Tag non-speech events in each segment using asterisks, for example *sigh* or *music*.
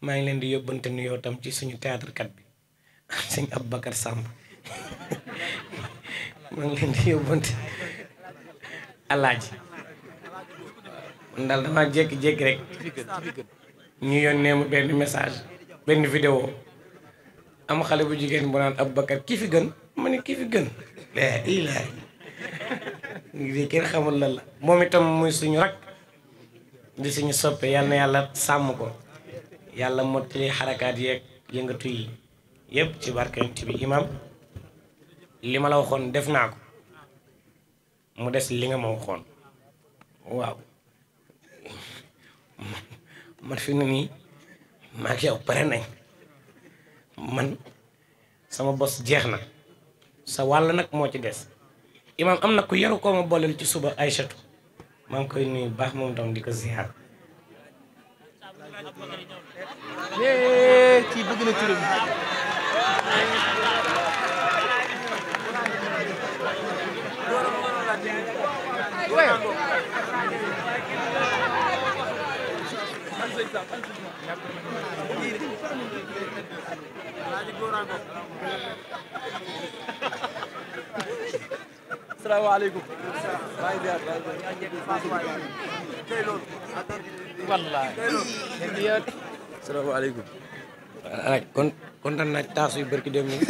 ma ngi leen di yóbbante nuyoo tam ci suñu théâtre kat bi *laughs* sëñ Aboubacar Samb *laughs* ma ngi leen di yóbbante alaaji ndal dama damaa jékki rek ñu yónnee mu benn message benn vidéo am xale bu jigéen bu naan Aboubacar ki fi gën ma ne ki fi gën la ngi kenn xamul la moom itam muy suñu rak di suñu soppe yal na yàlla sàmm ko yàlla mottali xarakaat yeeg yëngatu yi yépp ci barkent bi imam li ma la waxoon def naa ko mu des li nga ma waxoon waaw man fi mu nii maa ngi yow pare nañ man sama bos jeex na sa wàll nag moo ci des imam am na ku yaru koo ma booleel ci suba Aysatu maa ngi koy nuyu baax moom tam di ko ziar kii bëgg na turam salaamaaleykum wallaay salaamaaleykum rek kon kontaan naa taas yu barki dem nii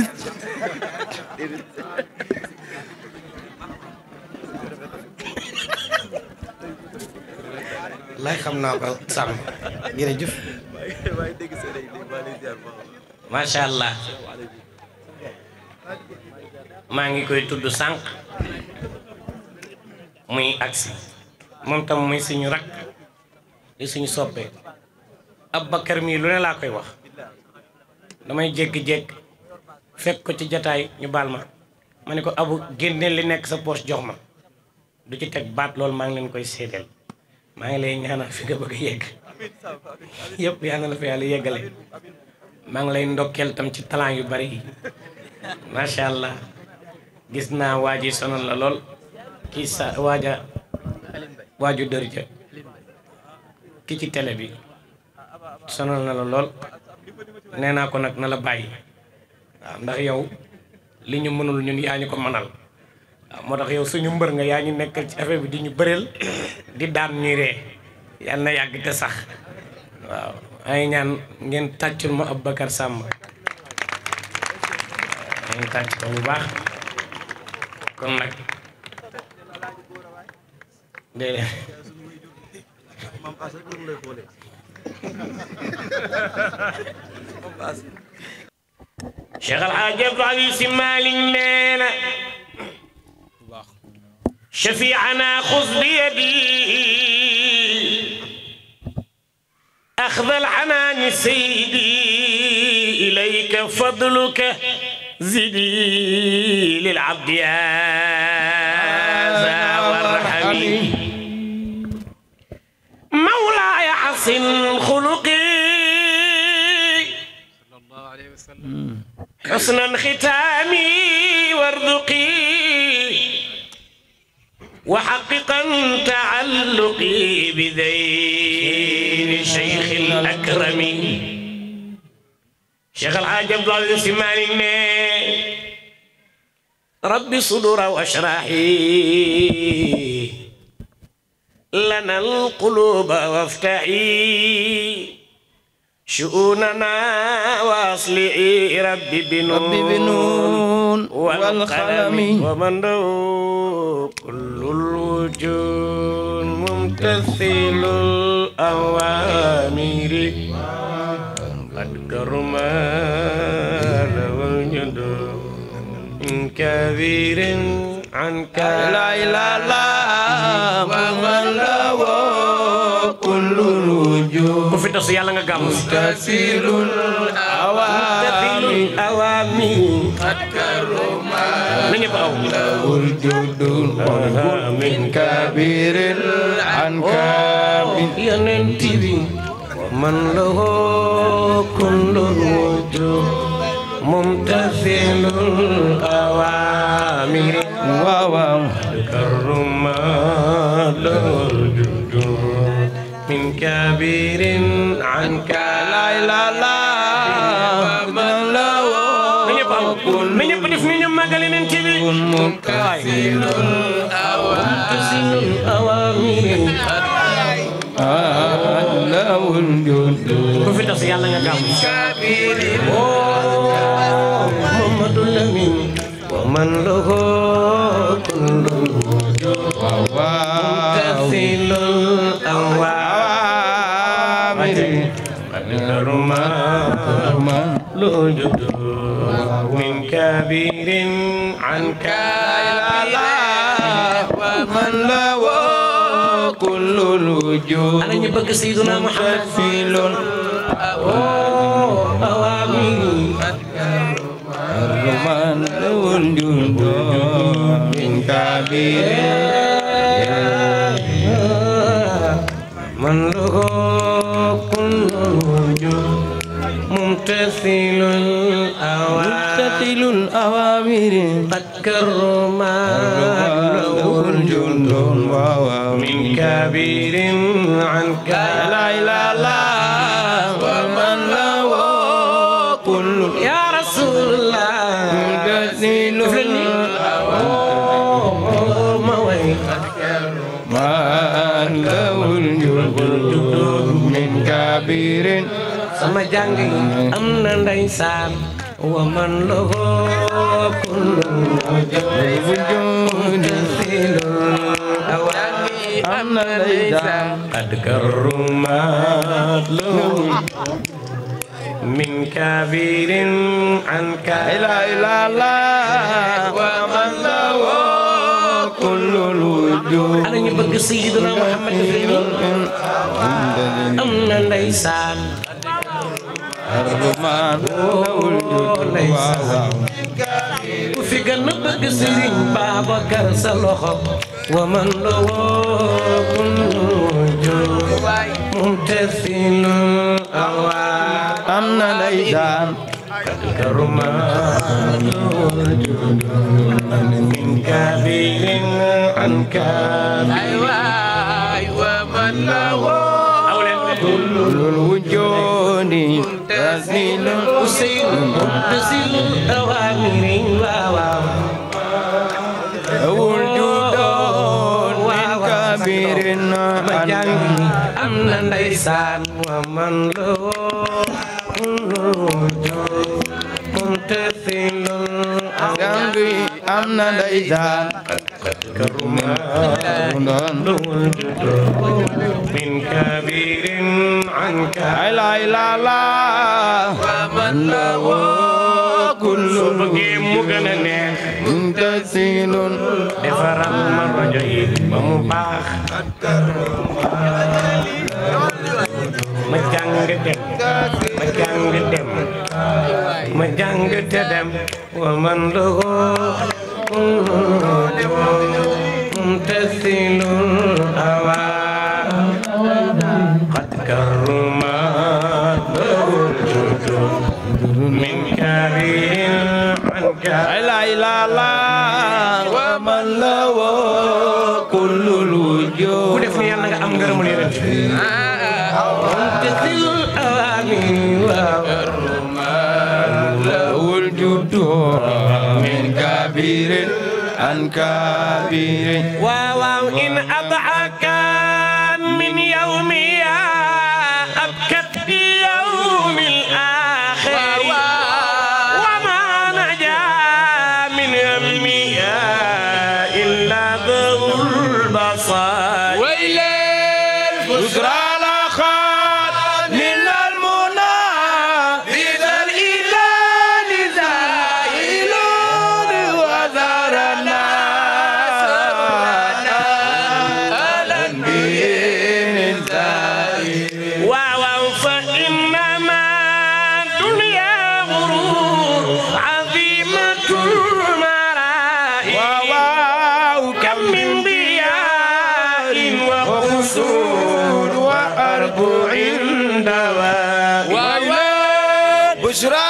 lay xam naa ko sàmm jërëjëf allah maa ngi koy tudd sànq muy agsi moom tam muy suñu rakk di suñu soppee Aboubacar mii lu ne laa koy wax damay jékki jékk fekk ko ci jataay ñu baal ma ma ne ko abu génne li nekk sa poos jox ma du ci teg baat lool maa ngi leen koy séedeel maa ngi lay ñaanal fi nga bëgg a yegg yëpp yàlla na la fa ngi lay ndokkeel ci talent yu bari macha allah gis naa waa ji sonal la lool kii sa waaja waaju dër ja ki ci télé bi sonal na la lol nee naa ko nag na la bàyyi waaw ndax yow li ñu mënul ñun ko nga yaa ñu ci bi di ñu bëreel di daan ñuy ree na yàgg te sax waaw ay ñaan ngeen tàccul ma Aboubacar Samb ngeen tàcc ko bu baax kon nak شيخ الحاج El Hadj Abdou شفيعنا خذ بيدي أخذ العنان سيدي إليك فضلك زدي للعبد يا حسن خلقي حسن ختامي وارزقي وحققا تعلقي بذين الشيخ الأكرم شيخ الحاج عبد الله السماني ربي صدور واشرحي لنا القلوب وافتحي شؤوننا واصلي ربي بنون, ربي بنون والقلم ومن كل الوجود ممتثل الأوامر قد كرم والجد من كبير عنك لا إله إلا ku fi tasu yàlla nga gàmm mutasirul awaami na ñëpp aw lawul judul min kabiril an kabir oh, yeneen tibi man lahoo kullul wujud mumtasilul awaami waaw waaw kabirin عنك لا إله إلا Oh, Muhammadul oh, Waman Luhur. من كبير عنك لا ومن له كل الوجود أنا نبقى سيدنا محمد في لون من له الجد من كبير ممتثل الأوامر قد كرم له الجند وهو من كبير عنك لا إله إلا ومن له كل يا رسول الله ممتثل الأوامر قد كرم له الجند من كبير sama jàng am na ndeysaan ومن له كل الوجود ذل أن ليس قد كرمت له من كبير عنك لا إله إلا ومن له كل الوجود أنا نبغي سيدنا محمد الفيلم أن ليس الرحمن له الجود واو ku fi gën a bëgg Sëriñ Babacar sa loxo wa man lawoo kullu jud mumtasilun awa am na lay daan كرمان وجود من كبير عن كبير أيوة أيوة من له كل الوجود مني غازل حسين متصل أوامر واو وجود كبير أمنا ليس ومن له ممتثل أوامر أمنا ليس كرما من كبير عنك لا إله لا ومن له كل مغنى ممتثل لفرم الرجل ومباح ma jàng dem ma jàng dem ma jàng te dem wa man lahu منطق الأوامر والرمان له الجد من كبير عن كبير الرب عند وإلى بشرى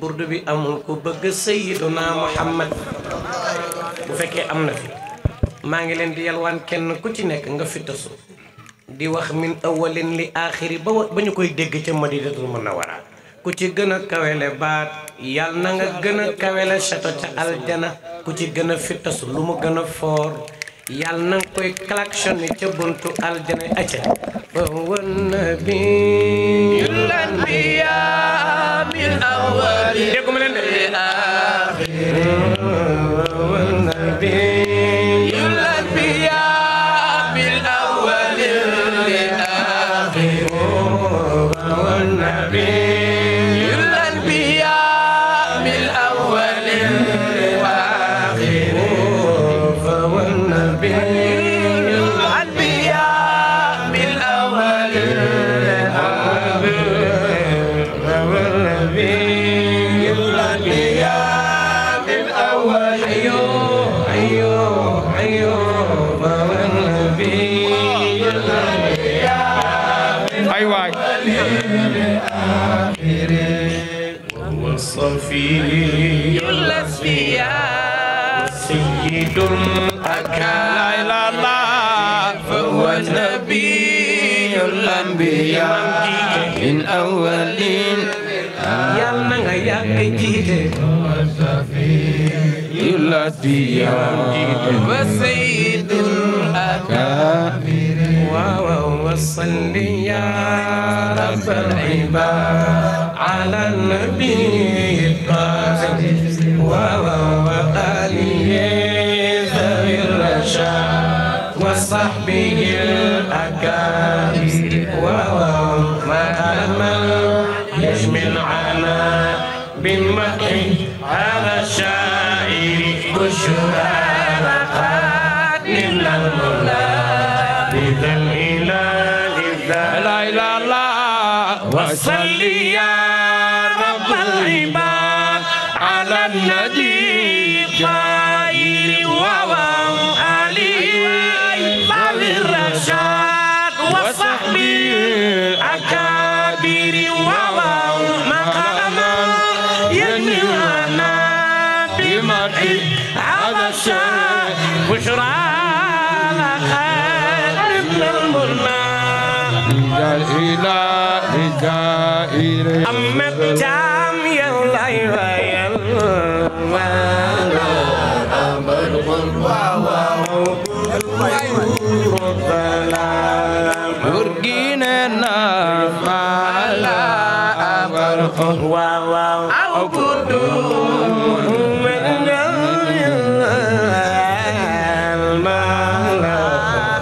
burdu bi amul ku bëgg sayyiduna muhammad bu fekkee am na fi maa ngi leen di yalwaan kenn ku ci nekk nga fittasu di wax min awalin li aaxiri ba ba ñu koy dégg ca ma mën madinatul munawara ku ci gën a kawele baat yal na nga gën a kawele château ca aljana ku ci gën a fittasu lu mu gën a foor yal na nga koy klaxon ni ca buntu aljana acca ba wën na نبي الأنبياء من أولين يلا نغيك جيد الأسفياء وسيد الأكابر وصل يا رب العباد على النبي القاسم وآله ذوي الرشاد وصحبه I'm Vasali أو قدوم من المال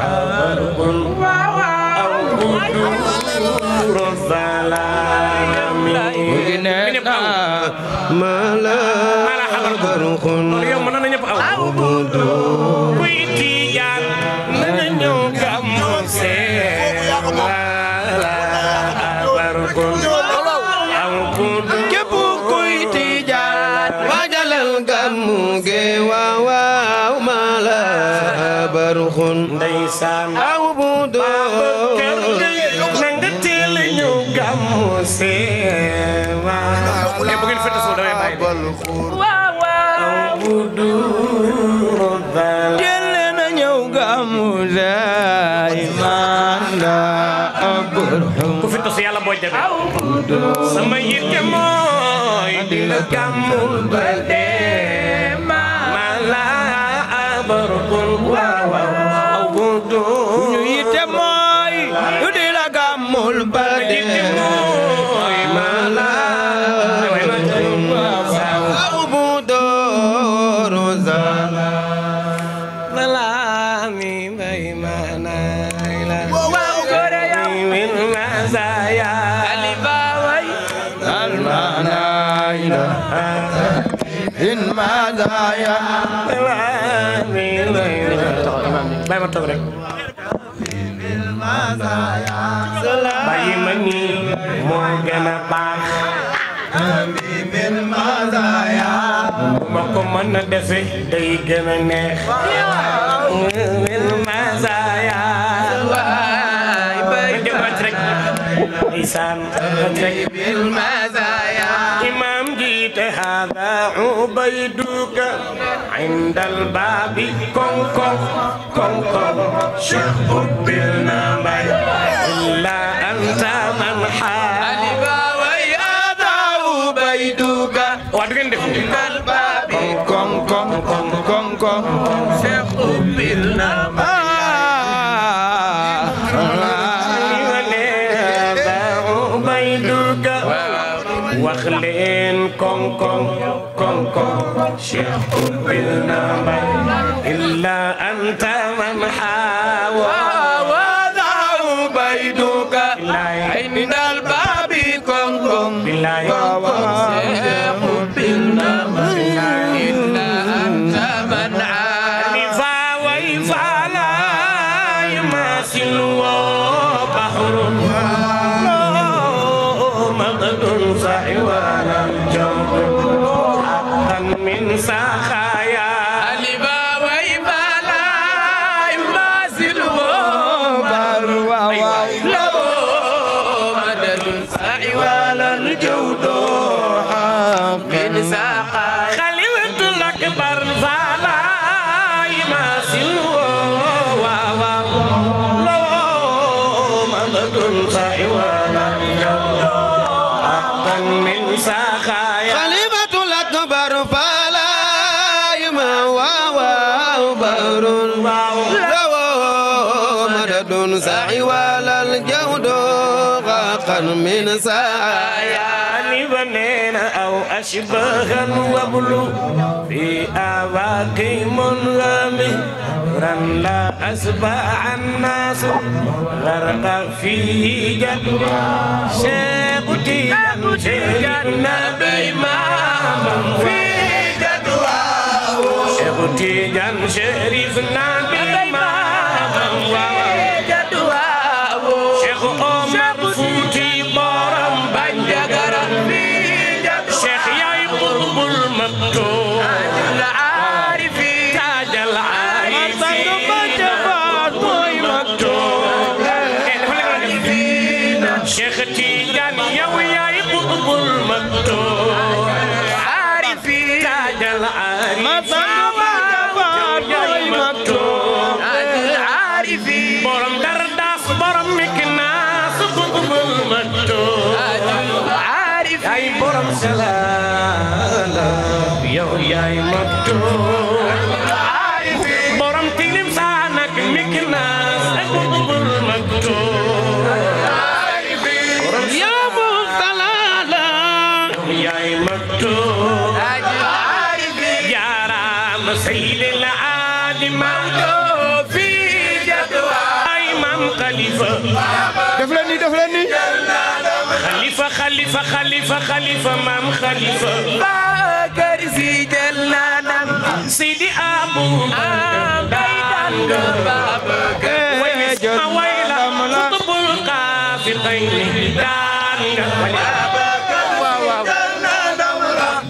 أو قدور الظلام ما لا غرق أو قدور الخور أو بدور الظل جلنا نيوغا مزايمان لا أبرحم كفي تصي على بوي دبي أو بدور سميت كموي دلك مبدي Mulbadi Mulbadi مدايا باي ما توك رك باي مني مو غنا باخ من مزايا ما كو من دفي داي غنا نيه من مزايا باي باي رك نيسان رك هذا عبيدك عند الباب كون كون كون كون شهب بالنمر إلا أنت من حال ويا عبيدك عند الباب kong kong kong kong Cheikh Oumy na Mbaye المسايا لبنين أو أشبه الوبل في أواك منغمي رن لا أسبع الناس غرق فيه في جدوى شيخ تيجان شريفنا النبي في جدوى شيخ أمام borom salaala yow yaay maktuum borom tilim saa nak niki naas ak bul maktuum yaa bu salaala yow yaay maktuum jaaraam sayyidil aali maktuum fi jadwa ay maam Khalifa def leen ni def leen ni خليفة خليفة خليفة خليفة مام خليفة باكر زيد النانم سيدي أبو بيدان ويسمى ويلا قطب القافقين دان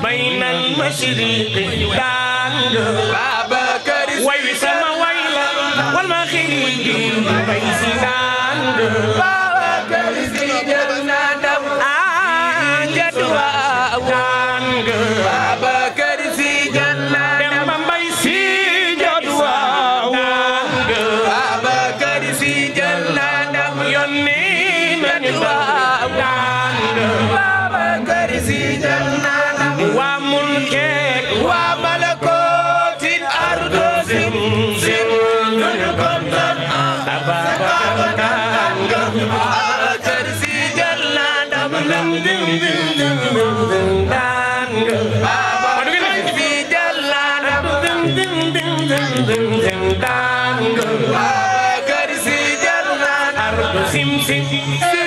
بين المشرق دان ويسمى ويلا والمغرب بين سيدان باكر زيد النانم Bye bye. 天地。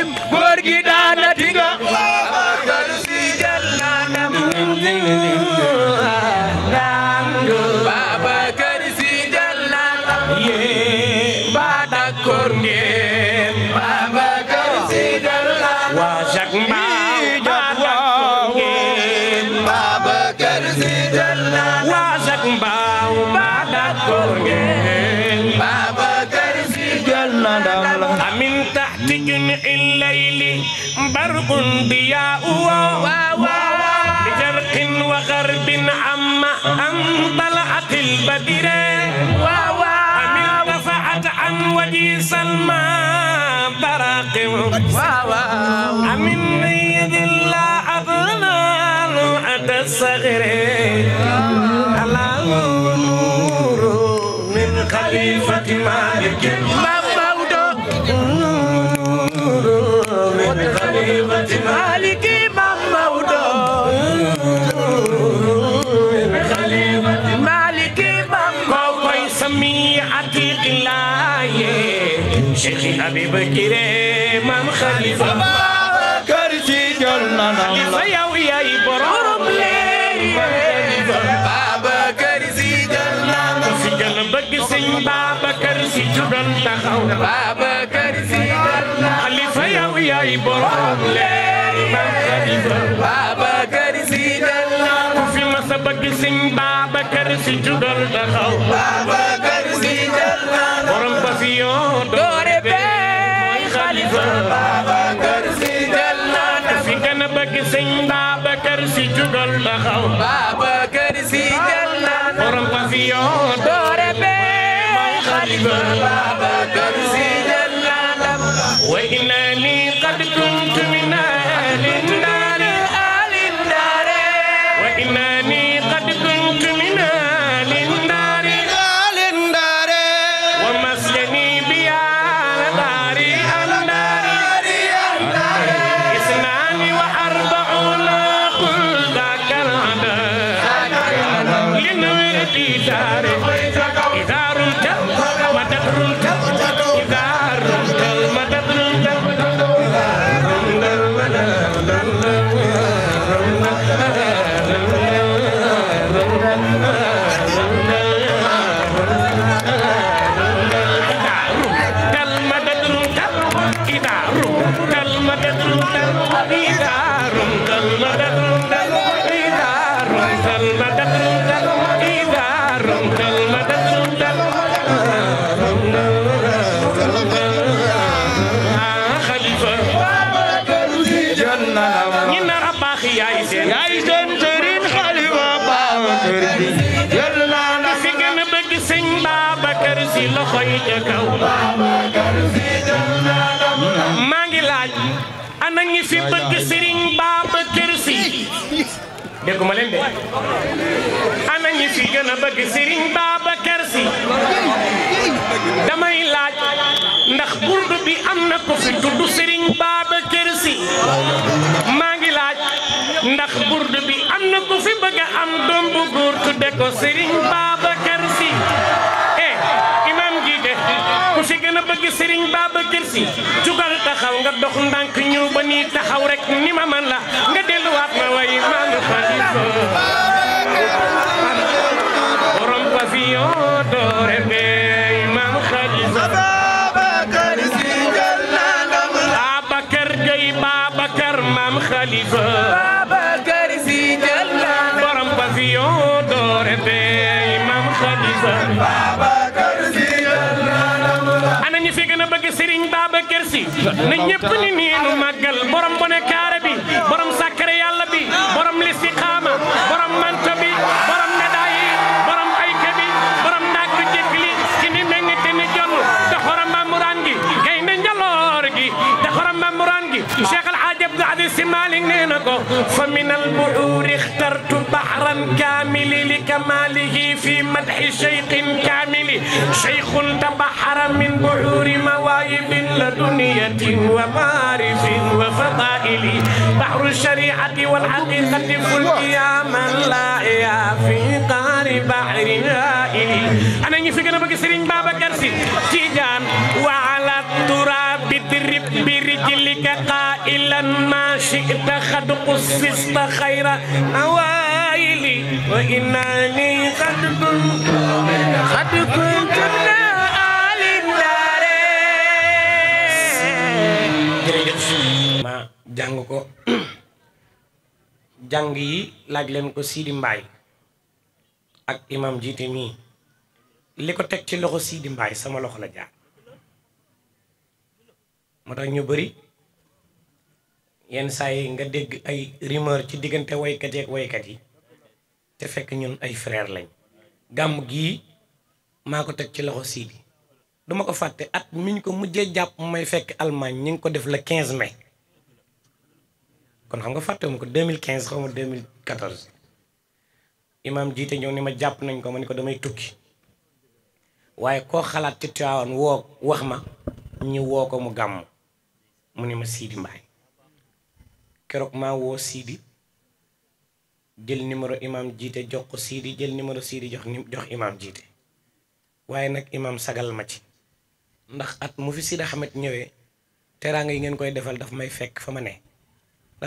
حجي سلمى براقم أمن يد الله أظلال أتى الصغير حبيب كريم ام خليفه كرسي جلنا خليفه يا ويا ابراهيم بابا كرسي جلنا كرسي جلنا سجل بابا كرسي جلنا بابا كرسي جلنا خليفه يا ويا ابراهيم بابا كرسي جلنا بكر سجلنا في مسبك سين بكر سجلنا بكر سجلنا Baba, taxaw Babacar Sy jël na borom pavillon doore be mooy xalifa Babacar Sy maa ngi laaj ana ñi fi bëgg sëriñ Babacar Si a bëgg sëriñ Babacar Si damay laaj ndax burdu bi am na ko fi tudd sëriñ Babacar Si maa ngi laaj ndax burdu bi am na ko fi bëgg am doom bu góor ko sëriñ Babacar bëgg sëriñ Si jugal taxaw nga dox ndànk ñëw ba nii taxaw rek ni ma man la nga delluwaat ma way maa ngi xalifa borom pavillon doore ngay maam xalifa Babacar Si jël naa ndam Babacar Gueye xalifa Serigne Babacar Sy na ñépp ni nii nu borom bone kaare bi borom sàkkare yàlla bi borom listixaama borom manto bi borom médaille borom ayka bi borom ndàkk jëkk li ci te ni jonn te xorom mamuraan gi gaynde njaloor gi te xorom mamuraan gi Cheikh El Hadj Abdou Aziz Sy Malick nee na ko fa minal كامل لكماله في مدح شيخ كامل شيخ تبحر من بحور مواهب لدنية ومعارف وفضائل بحر الشريعة والحقيقة فلقيا من لا في قار بحر هائل أنا نفق كنا سرين بابا كرسي تيجان وعلى التراب ترب برجلك قائلا ما شئت قد قصصت خيرا أوان وإنني قد كنت ko yi *clears throat* ko Sidi mbay ak imam jiti mi, liko tek ci loxo Sidi mbay sama loxo la ja motax ñu bari yeen say nga deg ay rumeur ci kat waykat way kat yi te fekk ñun ay frère lañ gàmm gii maa ko teg ci loxo Sidi duma ko fàtte at mi ñu ko mujjee jàpp may fekk Allemagne ñu ngi ko def la 15 mai kon xam nga fàtte mu ko 2015 xaw ma 2014 imaam jiite ñëw ni ma jàpp nañ ko ma ni ko damay tukki waaye koo xalaat ci Tiwaawan woo wax ma ñu woo ko mu gàmm mu ni ma Sidi Mbaye keroog maa woo Sidi jël numéro imam jité jox ko sidi jël numéro sidi jox jox imam jité waaye nak imam sagal ma ci ndax at mu fi Sidi Ahmed ñëwé teranga yi ngeen koy defal daf may fekk fama ma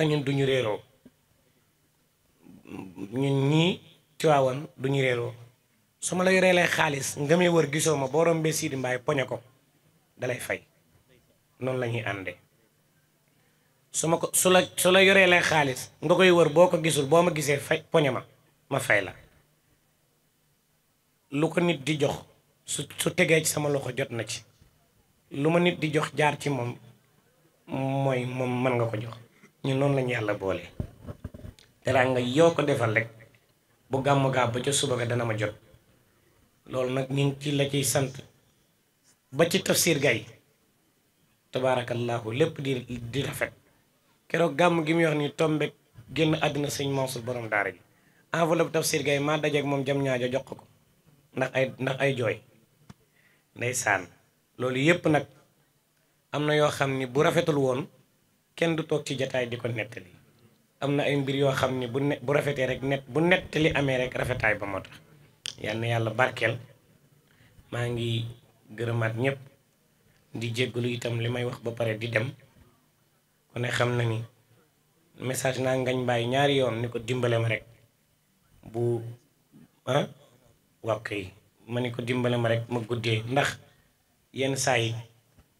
da ñun duñu réro ñun ñi Tiwaawan duñu réro suma ma lay xaalis nga ngamé wër gisoma ma boo Sidi Mbaye poñe ko dalay fay non lañuy andé su ma ko su la su la yoree lee xaalis nga koy wër boo ko gisul boo ma gisee fay poñe ma ma fay la lu ko nit di jox su su tegee ci sama loxo jot na ci lu ma nit di jox jaar ci moom mooy moom mën nga ko jox ñu noonu lañu yàlla boole. daraa nga yoo ko defal rek bu gàmm gàbb ba ca suba ga dana ma jot loolu nag ñu ci la ciy sant ba ci tafsir gay tabaarakallaahu lépp di di rafet. keroog gàmm gi mu yor nii tombeeg génn àddina sëñ Mansour borom daara ji enveloppe tafsir gay maa dajeeg moom jam ñaajo jox ko ndax ay ndax ay jooy saan loolu yépp nag am na yoo xam ni bu rafetul woon kenn du toog ci jataay di ko nettali am na ay mbir yoo xam ni bu ne bu rafetee rek net bu nettali amee rek rafetaay ba moo tax yal yàlla barkeel maa ngi gërëmaat ñépp di jéggalu itam li may wax ba pare di dem ku ne xam na ni message naa ngañ bàyyi ñaari yoon ni ko dimbale ma rek bu ah waaw kay ma ni ko dimbale ma rek ma guddee ndax yenn saa yi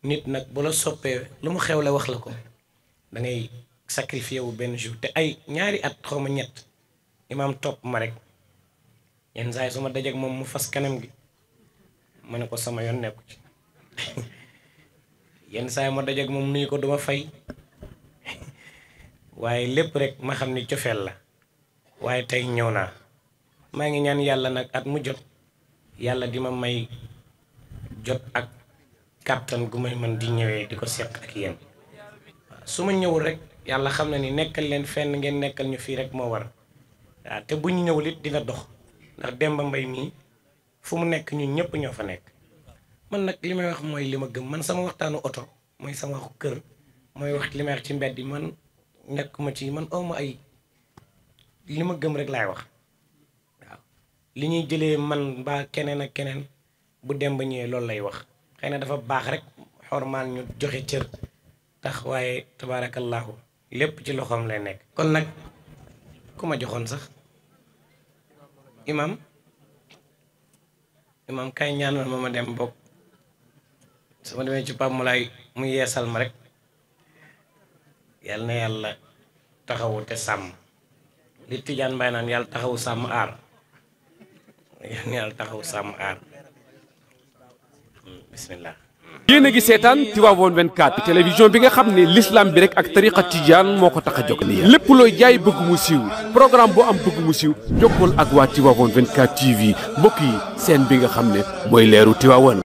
nit nak bu la soppee lu mu wax la ko da ngay sacrifié wu benn jour te ay ñaari at xaw ma ñett top topp ma rek yenn saa yi su ma dajeeg moom mu fas kanam gi ma ko sama yoon nekku ci *laughs* yenn saa yi ma ak moom nuyu ko duma fay waaye lépp rek ma xam ni cofeel la waaye tey ñëw naa maa ngi ñaan yàlla nag at mu jot yàlla di ma may jot ak kàttan gu may man di ñëwee di ko seq ak yéen su ma ñëwul rek yàlla xam na ni nekkal leen fenn ngeen nekkal ñu fii rek moo war waaw te bu ñu ñëwul it dina dox ndax Demba mbay mii fu mu nekk ñun ñëpp ñoo fa nekk man nag li may wax mooy li ma gëm man sama waxtaanu oto mooy sama waxu kër mooy wax li may wax ci mbedd man nekk ma ci man awma ay li ma gëm rek laay wax waaw li ñuy jëlee man baa keneen ak keneen bu dem ba ñëwee loolu lay wax xëy na dafa baax rek xormaan ñu joxe cër tax waaye tabaarakallaahu lépp ci loxoom lay nekk kon nag ku ma joxoon sax imam imam kay ñaanal ma ma dem bokk su ma demee ci Pape Moulay mu yeesal ma rek yal na yàlla taxawu te sàmm li tijaan mbay naan yàlla taxawu sàmm aar yal na yàlla sàmm aar bismillah yéen a ngi seetaan Tivaouane 24 télévision bi nga xam ne l'islam bi rek ak tariqa tijaan moo ko tax a jóg lépp looy jaay bëgg mu siiw programme boo am bëgg siiw jokkool ak waa Tivaouane 24 TV mbokk seen bi nga xam ne mooy leeru Tivaouane